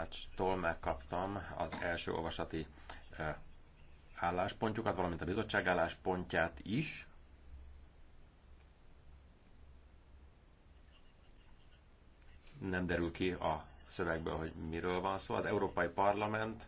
tanácstól megkaptam az első olvasati álláspontjukat, valamint a bizottság álláspontját is. Nem derül ki a szövegből, hogy miről van szó. Az Európai Parlament